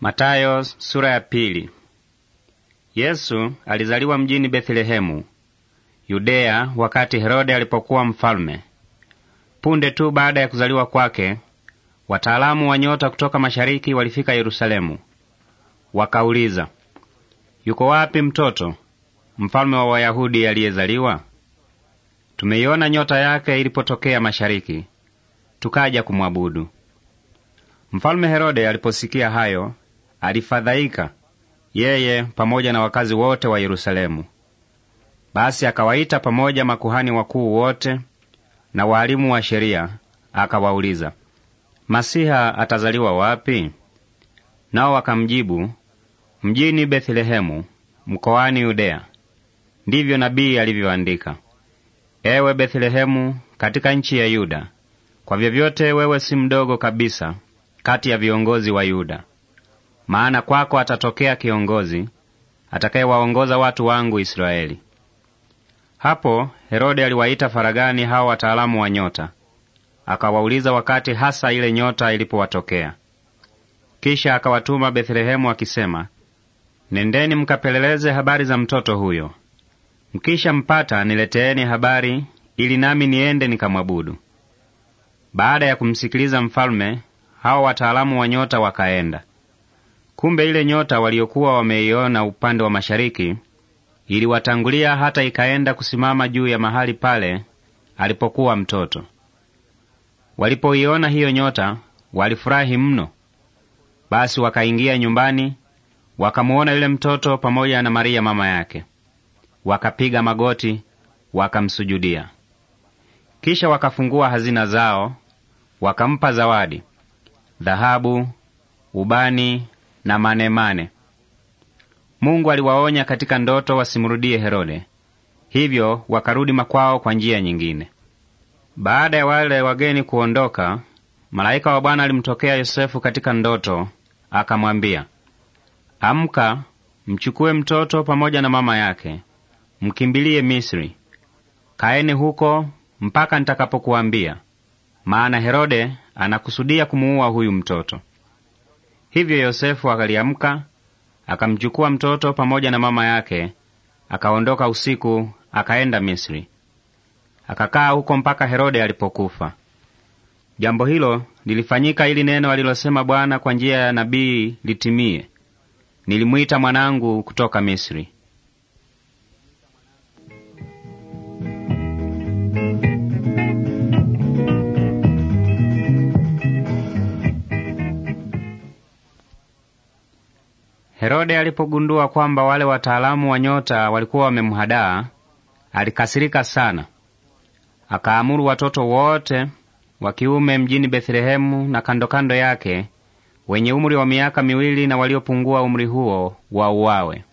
Matayo sura ya pili. Yesu alizaliwa mjini Bethlehemu Yudeya, wakati Herode alipokuwa mfalme. Punde tu baada ya kuzaliwa kwake, wataalamu wa nyota kutoka mashariki walifika Yerusalemu. Wakauliza, yuko wapi mtoto mfalme wa Wayahudi aliyezaliwa? Tumeiona nyota yake ilipotokea mashariki, tukaja kumwabudu. Mfalme Herode aliposikia hayo alifadhaika, yeye pamoja na wakazi wote wa Yerusalemu. Basi akawaita pamoja makuhani wakuu wote na waalimu wa sheria, akawauliza, Masiha atazaliwa wapi? Nao wakamjibu, mjini Bethlehemu mkoani Yudea. Ndivyo nabii alivyoandika, ewe Bethlehemu katika nchi ya Yuda, kwa vyovyote wewe si mdogo kabisa kati ya viongozi wa Yuda maana kwako atatokea kiongozi atakayewaongoza watu wangu Israeli. Hapo Herode aliwaita faragani hao wataalamu wa nyota, akawauliza wakati hasa ile nyota ilipowatokea. Kisha akawatuma Bethlehemu akisema, nendeni mkapeleleze habari za mtoto huyo, mkisha mpata nileteeni habari, ili nami niende nikamwabudu. Baada ya kumsikiliza mfalme, hao wataalamu wa nyota wakaenda. Kumbe ile nyota waliokuwa wameiona upande wa mashariki iliwatangulia hata ikaenda kusimama juu ya mahali pale alipokuwa mtoto. Walipoiona hiyo nyota walifurahi mno. Basi wakaingia nyumbani, wakamuona yule mtoto pamoja na Maria mama yake, wakapiga magoti wakamsujudia. Kisha wakafungua hazina zao, wakampa zawadi, dhahabu, ubani na manemane. Mungu aliwaonya katika ndoto wasimrudie Herode, hivyo wakarudi makwao kwa njia nyingine. Baada ya wale wageni kuondoka, malaika wa Bwana alimtokea Yosefu katika ndoto, akamwambia, amka, mchukue mtoto pamoja na mama yake, mkimbilie Misri. Kaeni huko mpaka nitakapokuambia, maana Herode anakusudia kumuua huyu mtoto. Hivyo Yosefu akaliamka akamchukua mtoto pamoja na mama yake, akaondoka usiku akaenda Misri, akakaa huko mpaka Herode alipokufa. Jambo hilo lilifanyika ili neno alilosema Bwana kwa njia ya nabii litimie, nilimwita mwanangu kutoka Misri. Herode alipogundua kwamba wale wataalamu wa nyota walikuwa wamemhadaa, alikasirika sana. Akaamuru watoto wote wa kiume mjini Bethlehemu na kando kando yake wenye umri wa miaka miwili na waliopungua umri huo wauawe.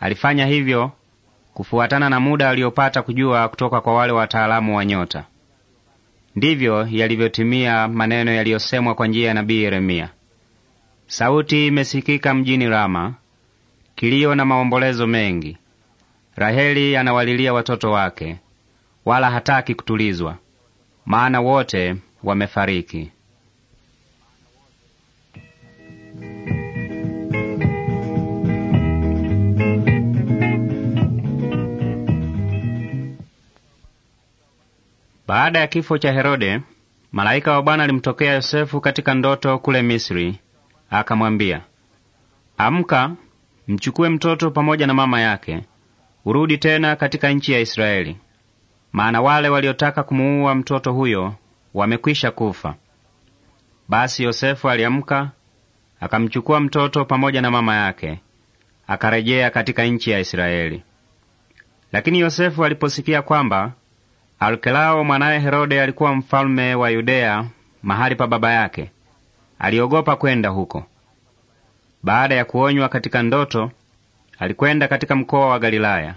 Alifanya hivyo kufuatana na muda aliyopata kujua kutoka kwa wale wataalamu wa nyota. Ndivyo yalivyotimia maneno yaliyosemwa kwa njia ya nabii Yeremia. Sauti imesikika mjini Rama, kilio na maombolezo mengi. Raheli anawalilia watoto wake, wala hataki kutulizwa, maana wote wamefariki. Baada ya kifo cha Herode, malaika wa Bwana alimtokea Yosefu katika ndoto kule Misri Akamwambia, amka, mchukue mtoto pamoja na mama yake, urudi tena katika nchi ya Israeli, maana wale waliotaka kumuua mtoto huyo wamekwisha kufa. Basi Yosefu aliamka akamchukua mtoto pamoja na mama yake akarejea katika nchi ya Israeli. Lakini Yosefu aliposikia kwamba Alkelao mwanaye Herode alikuwa mfalme wa Yudea mahali pa baba yake, aliogopa kwenda huko. Baada ya kuonywa katika ndoto, alikwenda katika mkoa wa Galilaya,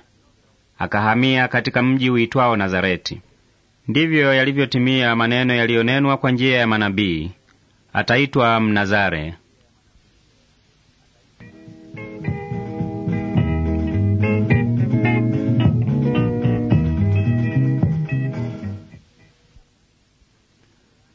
akahamia katika mji uitwao Nazareti. Ndivyo yalivyotimia maneno yaliyonenwa kwa njia ya manabii, ataitwa Mnazare.